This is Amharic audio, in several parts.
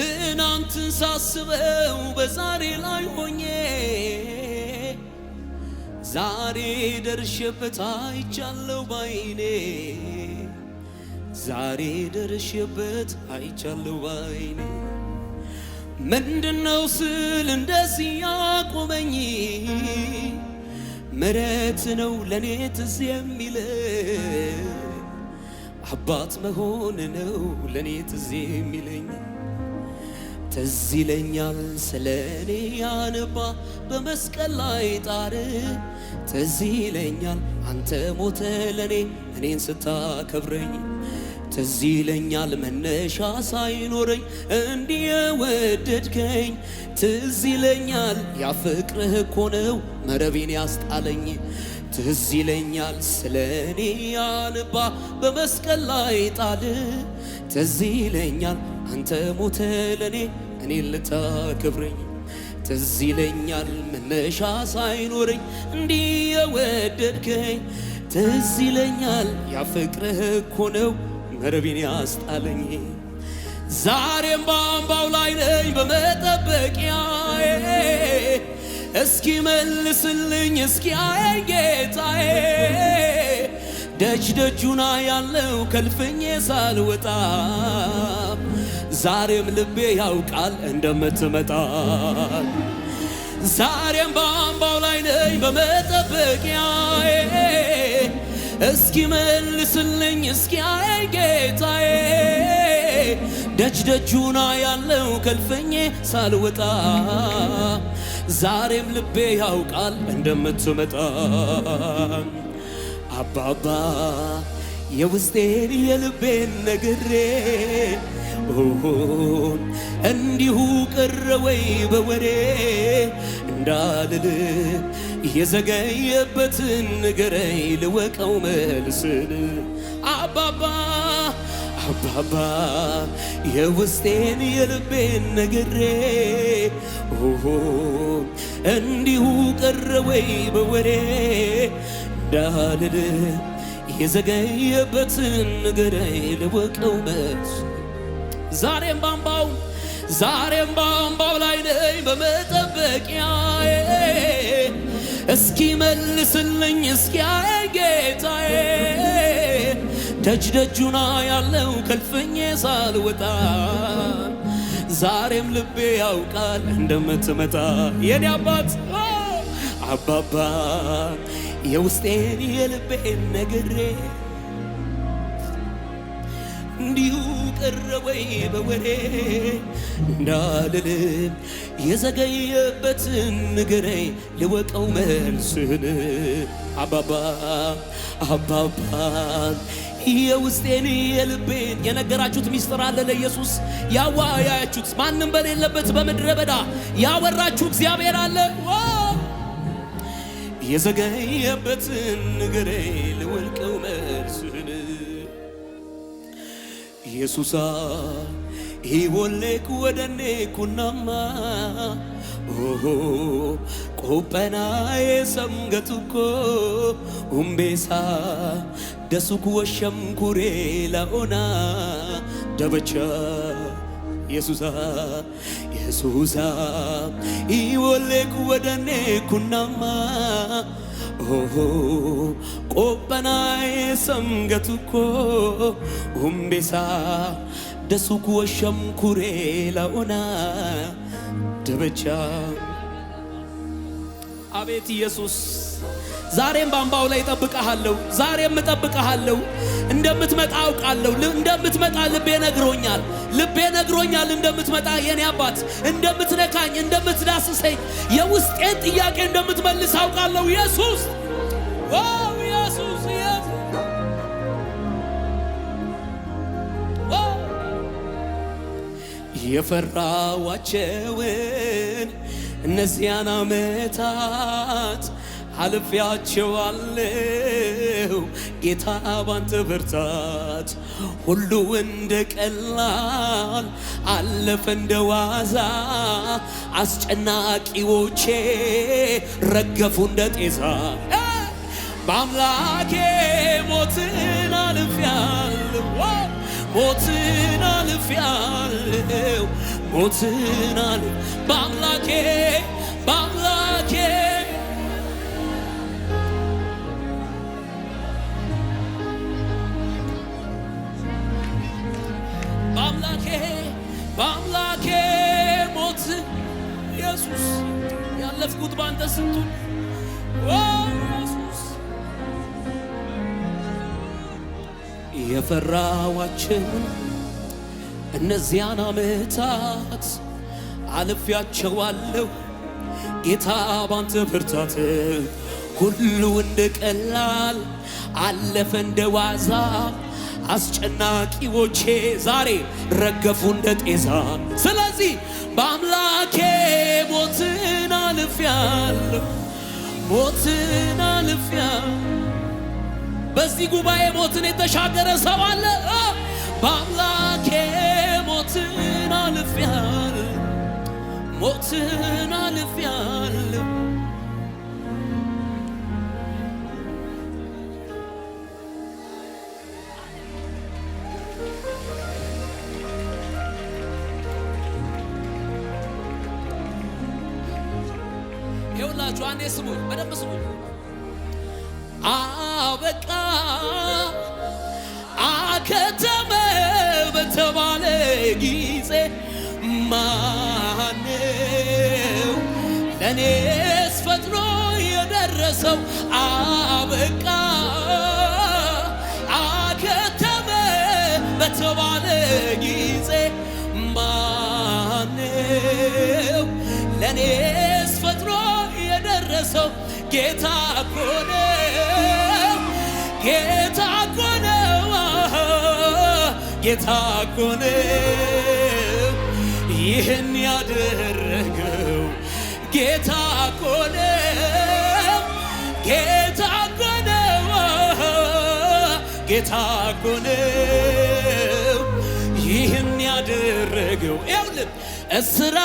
ትናንትን ሳስበው በዛሬ ላይ ሆኜ ዛሬ ደርሼበት አይቻለው ባይኔ ዛሬ ደርሼበት አይቻለው ባይኔ ምንድነው ስል እንደዚህ ያቆመኝ ምረት ነው ለእኔ ትዝ የሚለ አባት መሆን ነው ለእኔ ትዝ የሚለኝ ትዝ ይለኛል ስለ እኔ ያነባ በመስቀል ላይ ጣር ትዝ ይለኛል አንተ ሞተ ለእኔ እኔን ስታከብረኝ ትዝ ይለኛል መነሻ ሳይኖረኝ እንዲህ የወደድከኝ ትዝ ይለኛል ያፍቅርህ እኮ ነው መረቤን ያስጣለኝ ትዝ ይለኛል ስለ እኔ ያነባ በመስቀል ላይ ጣል ትዝ ይለኛል አንተ ሞተ ለእኔ እኔን ልታከብረኝ ትዝ ይለኛል መነሻ ሳይኖረኝ እንዲህ የወደድከኝ ትዝ ይለኛል ያፍቅርህ እኮ ነው መረቤን ያስጣለኝ ዛሬም በአምባው ላይ ነኝ በመጠበቂያዬ እስኪ መልስልኝ እስኪ አየኝ ጌታዬ ደጅ ደጁና ያለው ከልፍኜ ሳልወጣ ዛሬም ልቤ ያውቃል እንደምትመጣ ዛሬም በአምባው ላይ ነኝ በመጠበቂያዬ እስኪ መልስልኝ እስኪ አይ ጌታዬ ደጅ ደጁና ያለው ከልፈኜ ሳልወጣ ዛሬም ልቤ ያውቃል እንደምትመጣ አባባ የውስጤን የልቤን ነግሬ እንዲሁ ቀረ ወይ በወሬ እንዳልል የዘገየበትን ንገረኝ ልወቀው መልስን አባባ አባባ የውስጤን የልቤን ነግሬ እንዲሁ ቀረወይ በወሬ እንዳልል የዘገየበትን ንገረኝ ልወቀው መልስ ዛሬም ባምባው ዛሬም ባምባው ላይ ነኝ በመጠበቂያዬ እስኪ መልስልኝ እስኪ ጌታዬ ደጅ ደጁና ያለው ከልፍኜ ሳልወጣ ዛሬም ልቤ ያውቃል እንደምትመጣ የኔ አባት አባባ የውስጤን የልቤን ነግሬ እንዲሁ ቀረ ወይ በወሬ እንዳልልም የዘገየበትን ንገረኝ ልወቀው መልስን አባባ አባባ የውስጤን የልቤን የነገራችሁት ሚስጥር አለ ለኢየሱስ ያዋያችሁት ማንም በሌለበት በምድረ በዳ ያወራችሁ እግዚአብሔር አለ። የዘገየበትን ንገረኝ ልወቀው ኢየሱሳ ይወለቅ ወደኔ ኩናማ ኦሆ ቆጰና የሰምገቱኮ ኡምቤሳ ደሱኩ ወሸምኩሬ ላኦና ደበቻ ኢየሱሳ ኢየሱሳ ይወለቅ ወደኔ ኩናማ qophanaaye samga tokko humbeesaa dasukuwa shamkuree ደበቻ አቤት ኢየሱስ ዛሬም ባምባው ላይ እጠብቀሃለሁ። ዛሬም እጠብቀሃለሁ። እንደምትመጣ አውቃለሁ። እንደምትመጣ ልቤ ነግሮኛል። ልቤ ነግሮኛል እንደምትመጣ የኔ አባት፣ እንደምትነካኝ፣ እንደምትዳስሰኝ፣ የውስጤን ጥያቄ እንደምትመልስ አውቃለሁ ኢየሱስ የፈራዋቸውን እነዚያን አመታት አልፌያቸዋለሁ ጌታ ባንተ ብርታት ሁሉ እንደ ቀላል አለፈ እንደ ዋዛ አስጨናቂዎቼ ረገፉ እንደ ጤዛ በአምላኬ ሞትን አልፌያለሁ፣ ሞትን አልፌያለሁ፣ ሞትን አል በአምላኬ በአምላኬ በአምላኬ ሞት ኢየሱስ ያለፍኩት ባንተ ስንቱን ያፈራኋቸው እነዚያን ዓመታት አልፌያቸዋለሁ። ጌታ ባንተ ብርታት ሁሉ እንደ ቀላል አለፈ እንደ ዋዛ። አስጨናቂዎቼ ዛሬ ረገፉ እንደ ጤዛ። ስለዚህ በአምላኬ ሞትን አልፌያለሁ፣ ሞትን አልፌያለሁ በዚህ ጉባኤ ሞትን የተሻገረ ሰው አለ። በአምላኬ ሞትን አልፌያል፣ ሞትን አልፌያል። ይኸውላችሁ አንዴ ስሙኝ፣ በደንብ ስሙኝ። ለእኔስ ፈጥሮ የደረሰው ጌታ እኮ ነው፣ ጌታ እኮ ነው፣ ጌታ እኮ ነው፣ ይህን ያደረገው ጌታ እኮ ነው፣ ጌታ እኮ ነው፣ ጌታ እኮ ነው፣ ይህን ያደረገው ኤውልም እስራ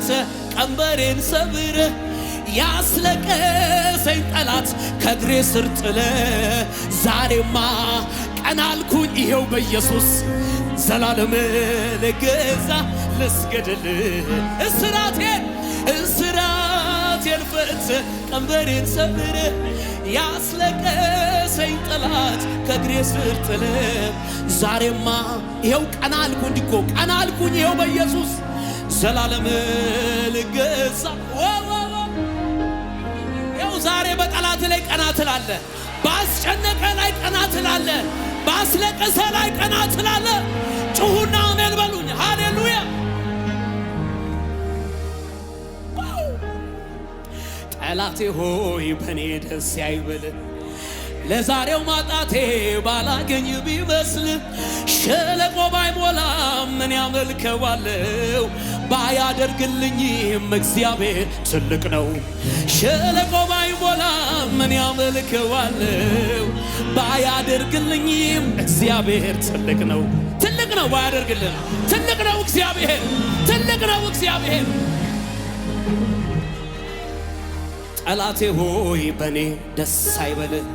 አንተ ቀንበሬን ሰብረ ያስለቀሰኝ ጠላት ከግሬ ስር ጥለ ዛሬማ ቀናልኩኝ ይሄው በኢየሱስ ዘላለም ልገዛ ልስገድል እስራቴን እስራቴን ፈት ቀንበሬን ሰብረ ያስለቀሰኝ ጠላት ከግሬ ስር ጥለ ዛሬማ ይኸው ቀና አልኩ እንዲኮ ቀና ይኸው በኢየሱስ ዘላለም ልገዛ ው ዛሬ በጠላት ላይ ቀና ትላለ፣ በአስጨነቀ ላይ ቀና ትላለ፣ በአስለቀሰ ላይ ቀና ትላለ። ጩሁና አሜን በሉኝ። ሃሌሉያ ጠላቴ ሆይ በእኔ ደስ አይበል ለዛሬው ማጣቴ ባላገኝ ቢመስል ሸለቆ ባይሞላ ምን ያመልከዋለው? ባያደርግልኝም እግዚአብሔር ትልቅ ነው። ሸለቆ ባይሞላ ምን ያመልከዋለው? ባያደርግልኝም እግዚአብሔር ትልቅ ነው። ትልቅ ነው ባያደርግልን፣ ትልቅ ነው እግዚአብሔር፣ ትልቅ ነው እግዚአብሔር። ጠላቴ ሆይ በእኔ ደስ አይበልህ፣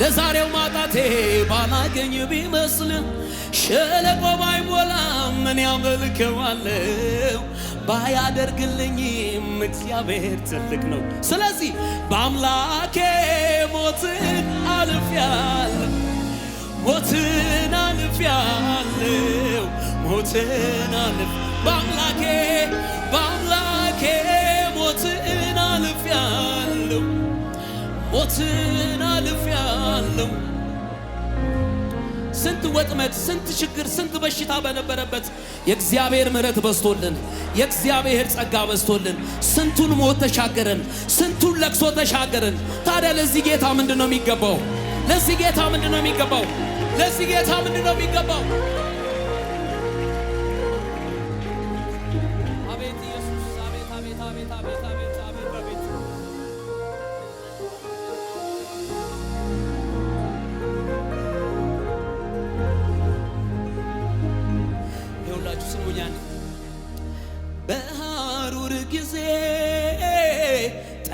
ለዛሬው ማጣቴ ባላገኝ ቢመስልም ሸለቆ ባይሞላም ምን ያመልከዋለው? ባያደርግልኝም እግዚአብሔር ትልቅ ነው። ስለዚህ በአምላኬ ሞትን አልፌያለሁ፣ ሞትን አልፌያለሁ፣ ሞትን አልፍ በአምላኬ በአምላኬ ሞትን አልፌያለሁ፣ ሞትን አልፌያለሁ ስንት ወጥመድ፣ ስንት ችግር፣ ስንት በሽታ በነበረበት የእግዚአብሔር ምሕረት በዝቶልን የእግዚአብሔር ጸጋ በዝቶልን ስንቱን ሞት ተሻገርን፣ ስንቱን ለቅሶ ተሻገርን። ታዲያ ለዚህ ጌታ ምንድን ነው የሚገባው? ለዚህ ጌታ ምንድን ነው የሚገባው? ለዚህ ጌታ ምንድን ነው የሚገባው?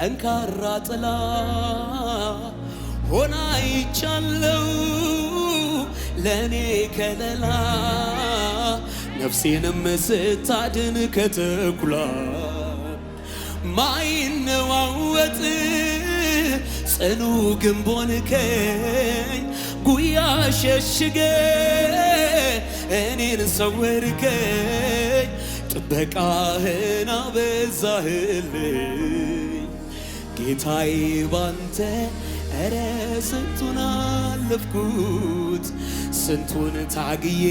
ጠንካራ ጥላ ሆና ይቻለው ለእኔ ከለላ ነፍሴንም ስታድን ከተኩላ ማይነዋወጥ ጽኑ ግንቦን ከኝ ጉያ ሸሽገ እኔን ሰወርከኝ ጥበቃህን አበዛህልኝ ጌታይ ባንተ እረ ስንቱን አለፍኩት ስንቱን ታግዬ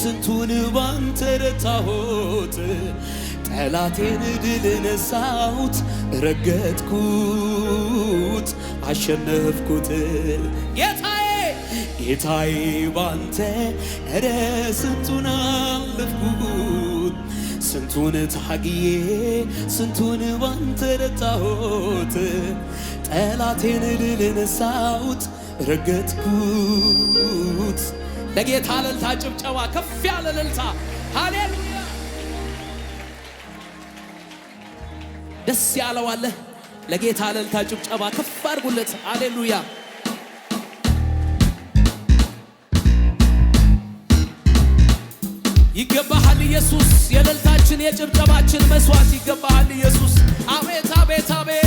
ስንቱን ባንተ ረታሁት ጠላቴን ድል ነሳሁት ረገጥኩት አሸነፍኩት ጌታዬ ጌታዬ ባንተ እረ ስንቱን አለፍኩት ስንቱን ታግዬ ስንቱን ባንተ ረታሁት ጠላቴን ድል ነሳሁት ረገጥኩት። ለጌታ እልልታ ጭብጨባ ከፍ ያለ እልልታ ሃሌሉያ። ደስ ያለው አለ። ለጌታ እልልታ ጭብጨባ ከፍ አድርጉለት። ሃሌሉያ ይገባሃል ኢየሱስ፣ የእልልታችን የጭብጨባችን መስዋዕት ይገባሃል ኢየሱስ። አቤት አቤት አቤት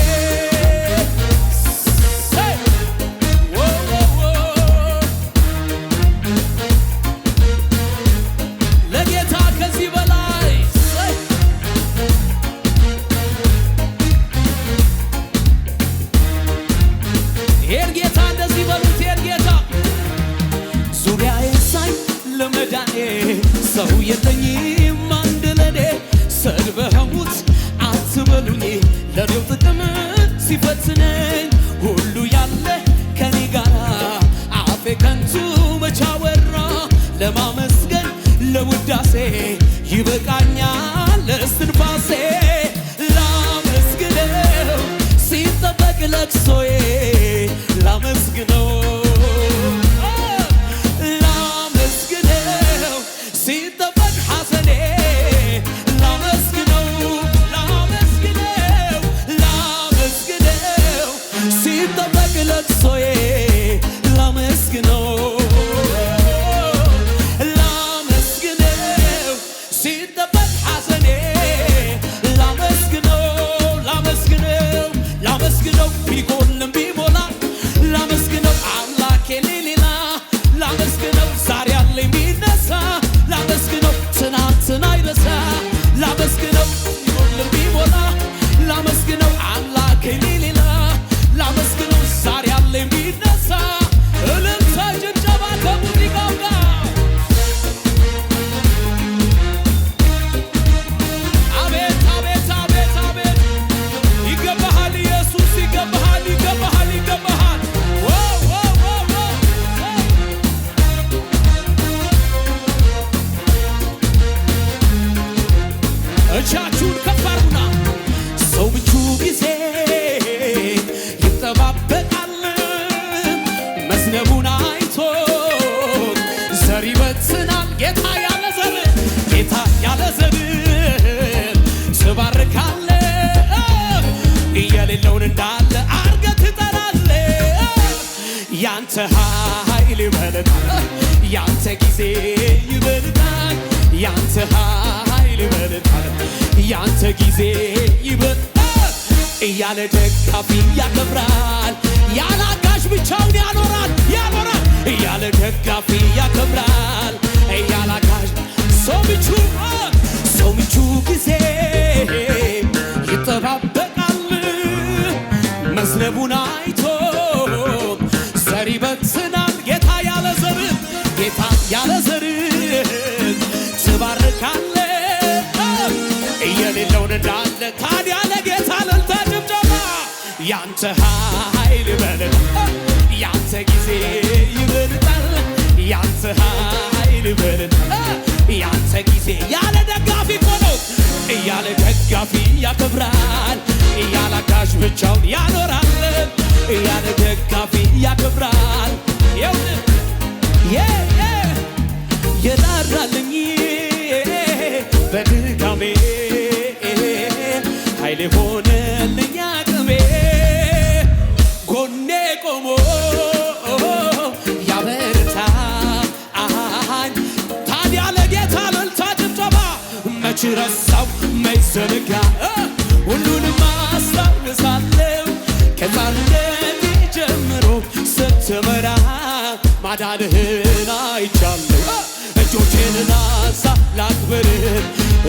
ከንቱ መቻወራ ለማመስገን ለውዳሴ ይበቃኛል እስትንፋሴ ላመስግነው ሲጠበቅ ለቅሶዬ ላመስግነው ያንተ ኃይል ይበልጣል፣ ያንተ ጊዜ ይበልጣል፣ ያንተ ኃይል ይበልጣል፣ ያንተ ጊዜ ይበልጣል እያለ ደጋፊ ያከብራል። ያለ አጋዥ ብቻውን ያኖራል ያኖራል እያለ ደጋፊ ያከብራል። እያለ ሰው ምቹ ሰው ምቹ ጊዜ ይጠባበቃል መስለቡን አይቶ ስናም ጌታ ያለ ዘር ጌታ ያለ ዘር ትባርካለ እየሌለውን እንዳለ ታዲያ ለጌታ ለልታ ጭብጨባ ያንተ ኃይል ይበልጥ ያንተ ጊዜ ይበልጣል ያንተ ኃይል ይበልጥ ያንተ ጊዜ ያለ ደጋፊ እኮ ነው እያለ ደጋፊ ያከብራል እያለ አጋዥ ብቻውን ያኖራል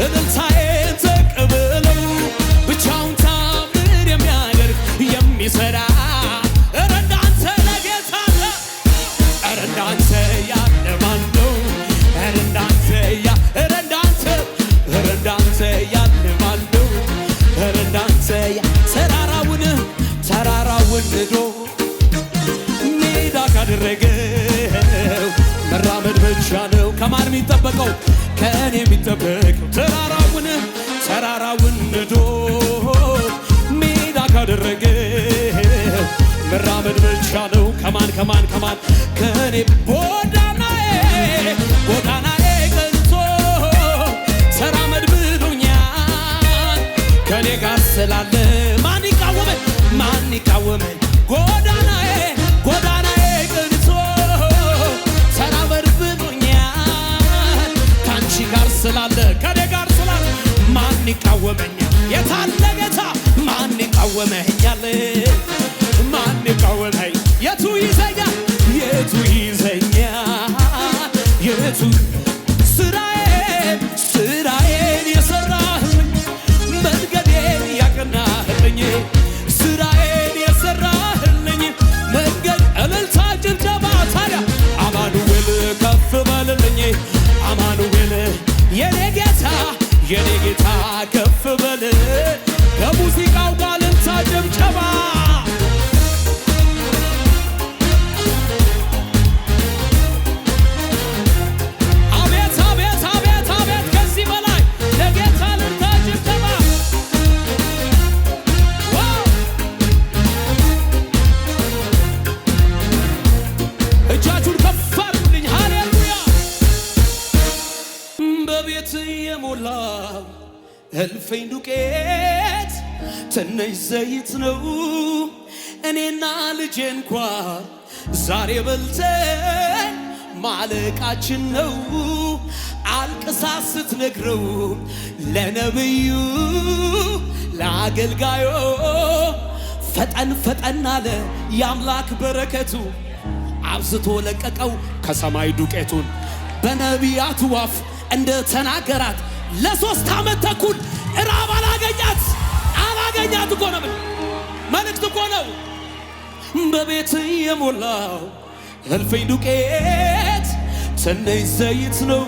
And then ከማን ከማን ከኔ ጎዳናዬ ጎዳናዬ ቀንቶ ሰራመድ ብሎኛል ከኔ ጋር ስላለ ማን ይቃወመን ማን ይቃወመን ጎዳናዬ ጎዳናዬ ቀንቶ ሰራመድ ብሎኛል ከአንቺ ጋር ስላለ ከኔ ጋር ስላለ ማን ይቃወመኛል የታለ ጌታ ማን ይቃወመኛል ማን ይቃወመኝ የቱ ይዘኛ የቱ ይዘኛ የቱ ስራዬን ስራዬን የሰራህልኝ መንገዴን ያቀናህልኝ ስራዬን የሰራህልኝ መንገድ እልልታ ጭብጨባ ታዲያ አማኑኤል ከፍ በልልኝ አማኑኤል የኔ ጌታ የኔ ጌታ ከፍ በል እልፍኝ ዱቄት ትንሽ ዘይት ነው እኔና ልጄ እንኳ ዛሬ በልተን ማለቃችን ነው። አልቅሳ ስትነግረው ለነብዩ ለአገልጋዩ ፈጠን ፈጠን አለ የአምላክ በረከቱ አብዝቶ ለቀቀው ከሰማይ ዱቄቱን በነቢያቱ ዋፍ እንደ ተናገራት ለሶስት ዓመት ተኩል እራብ አላገኛት አላገኛት እኮ ነው። መልእክት እኮ ነው። በቤት የሞላው እልፍኝ ዱቄት ትንሽ ዘይት ነው።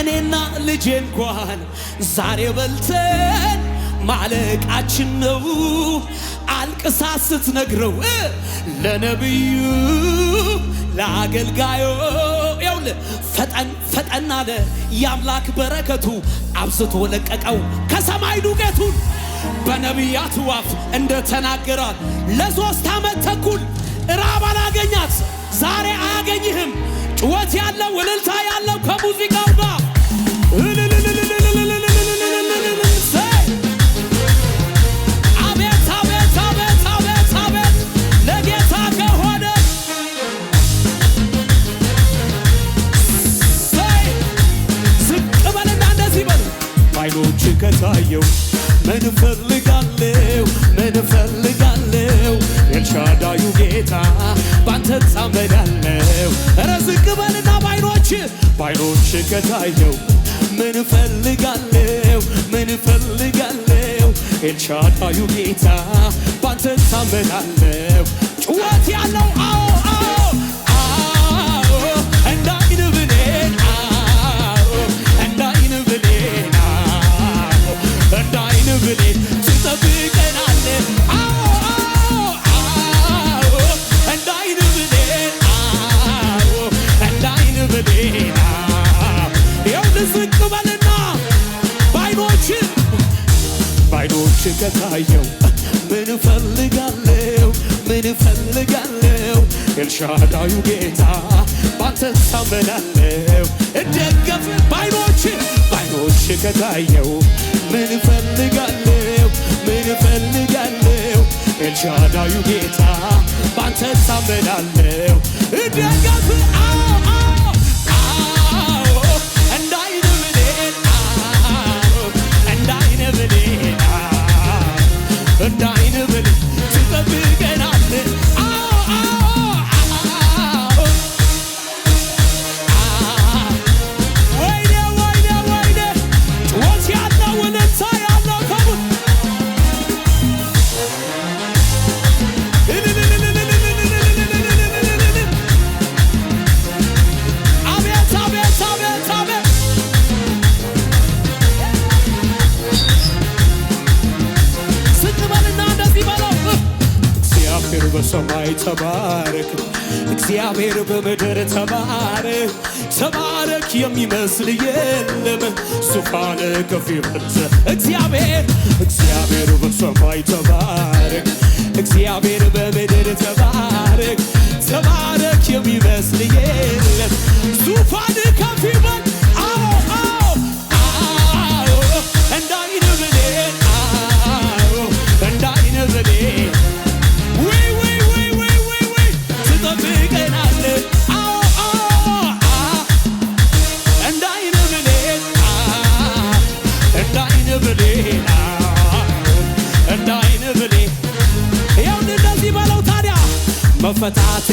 እኔና ልጄ እንኳን ዛሬ በልተን ማለቃችን ነው። አልቅሳ ስትነግረው ለነቢዩ ለአገልጋዩ ሳውል ፈጠን ፈጠን አለ። የአምላክ በረከቱ አብዝቶ ለቀቀው ከሰማይ ዱቄቱን በነቢያቱ አፍ እንደተናገራት ለሶስት ዓመት ተኩል ራብ አላገኛት። ዛሬ አያገኝህም። ጩኸት ያለው እልልታ ያለው ከሙዚቃው እንድታየው ምን እፈልጋለሁ ምን እፈልጋለሁ ኤልሻዳዩ ጌታ ባንተ እታመናለሁ። እረ ዝቅ በልና ባይኖች ባይኖች ከታየው ምን ምን ጌታ ባንተ ያለው ከበደሌ ትጠብቀናለ እንዳይን ብሌ እንዳይን ብሌና ያው ልዝቅ በልና ምን እፈልጋለሁ ምን እፈልጋለሁ ኤልሻዳዩ ጌታ ባንተ ታመናለሁ እደገፍ ባይኖች አይኖች ከታየው ምን እፈልጋለሁ ምን እፈልጋለሁ ኤልሻዳዩ ጌታ ባንተ ታመናለሁ እደገፍ እንዳይነ ብሌ እንዳይነ በሰማይ ተባረክ፣ እግዚአብሔር በምድር ተባረ ተባረክ የሚመስል የለም ዙፋን ከፍ ይበልዘ እግዚአብሔር እግዚአብሔር በሰማይ ተባረክ፣ እግዚአብሔር በምድር ተባረክ። ተባረክ የሚመስል የለም ዙፋን but I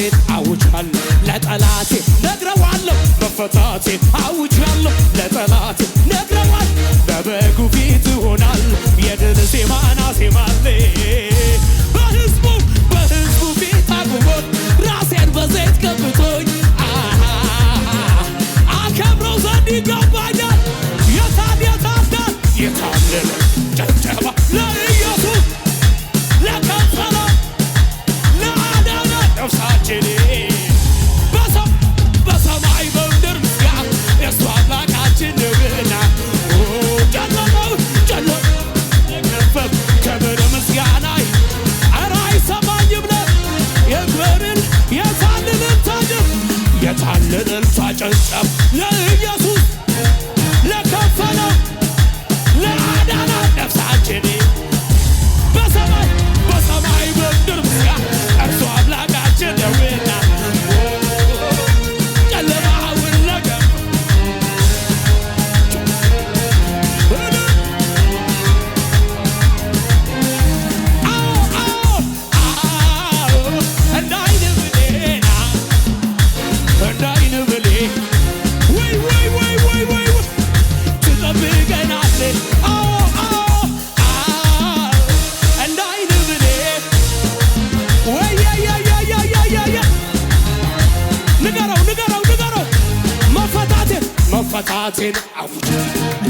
የታልን እልፍ አጨብጨብ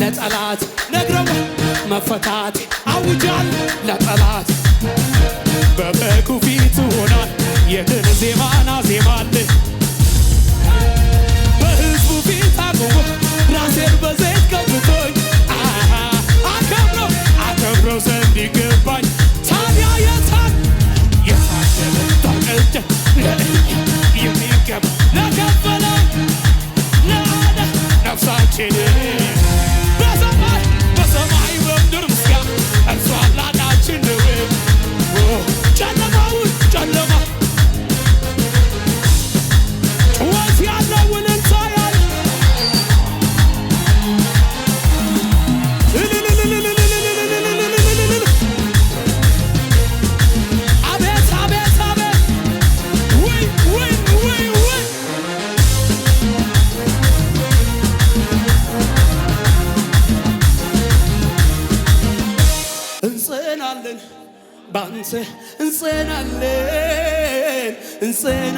ለጠላት ነግረው መፈታት አውጃል ለጠላት በበጉ ፊት ሆናል የድል ዜማና ዜማል በህዝቡ ፊት አቁሞ ራሴን በዘይት ቀብቶኝ አከብረው አከብረው ዘንድ ይገባኝ ታዲያ የታን የታደለ ታቀጀ sakin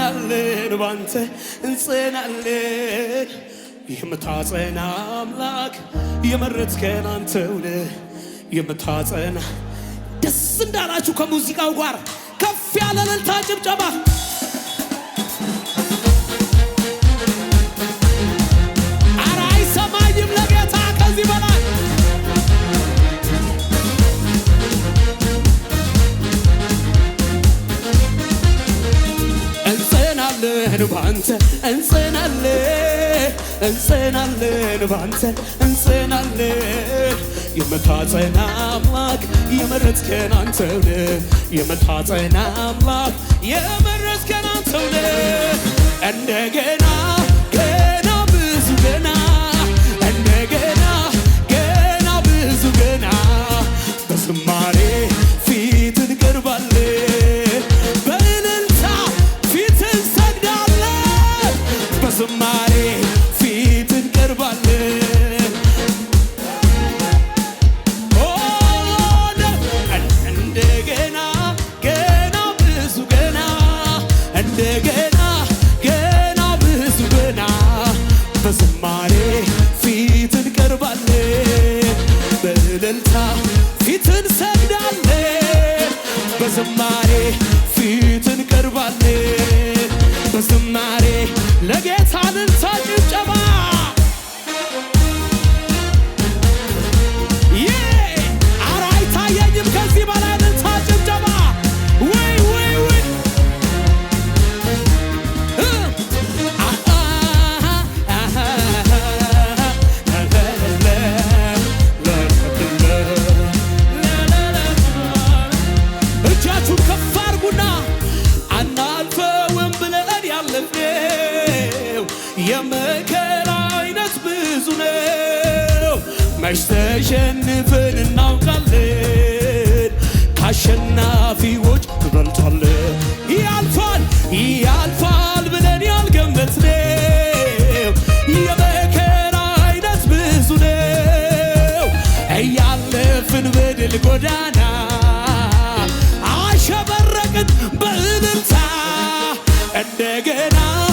እንጸናለን ባንተ እንጸናለን። የምታጸና አምላክ የመረጥከን አንተውነ የምታጸና ደስ እንዳላችሁ ከሙዚቃው ጋር ከፍ ያለ እልልታ ጭብጨባ እንጸናለን ባንተ እንጸናለን እንጸናለን ባንተ እንጸናለን የምታጸና አምላክ የመረጥከን አንተውነ የምታጸና አምላክ የመረጥከን አንተውነ እንደገና ጎዳና አሸበረቅን በእልልታ እንደገና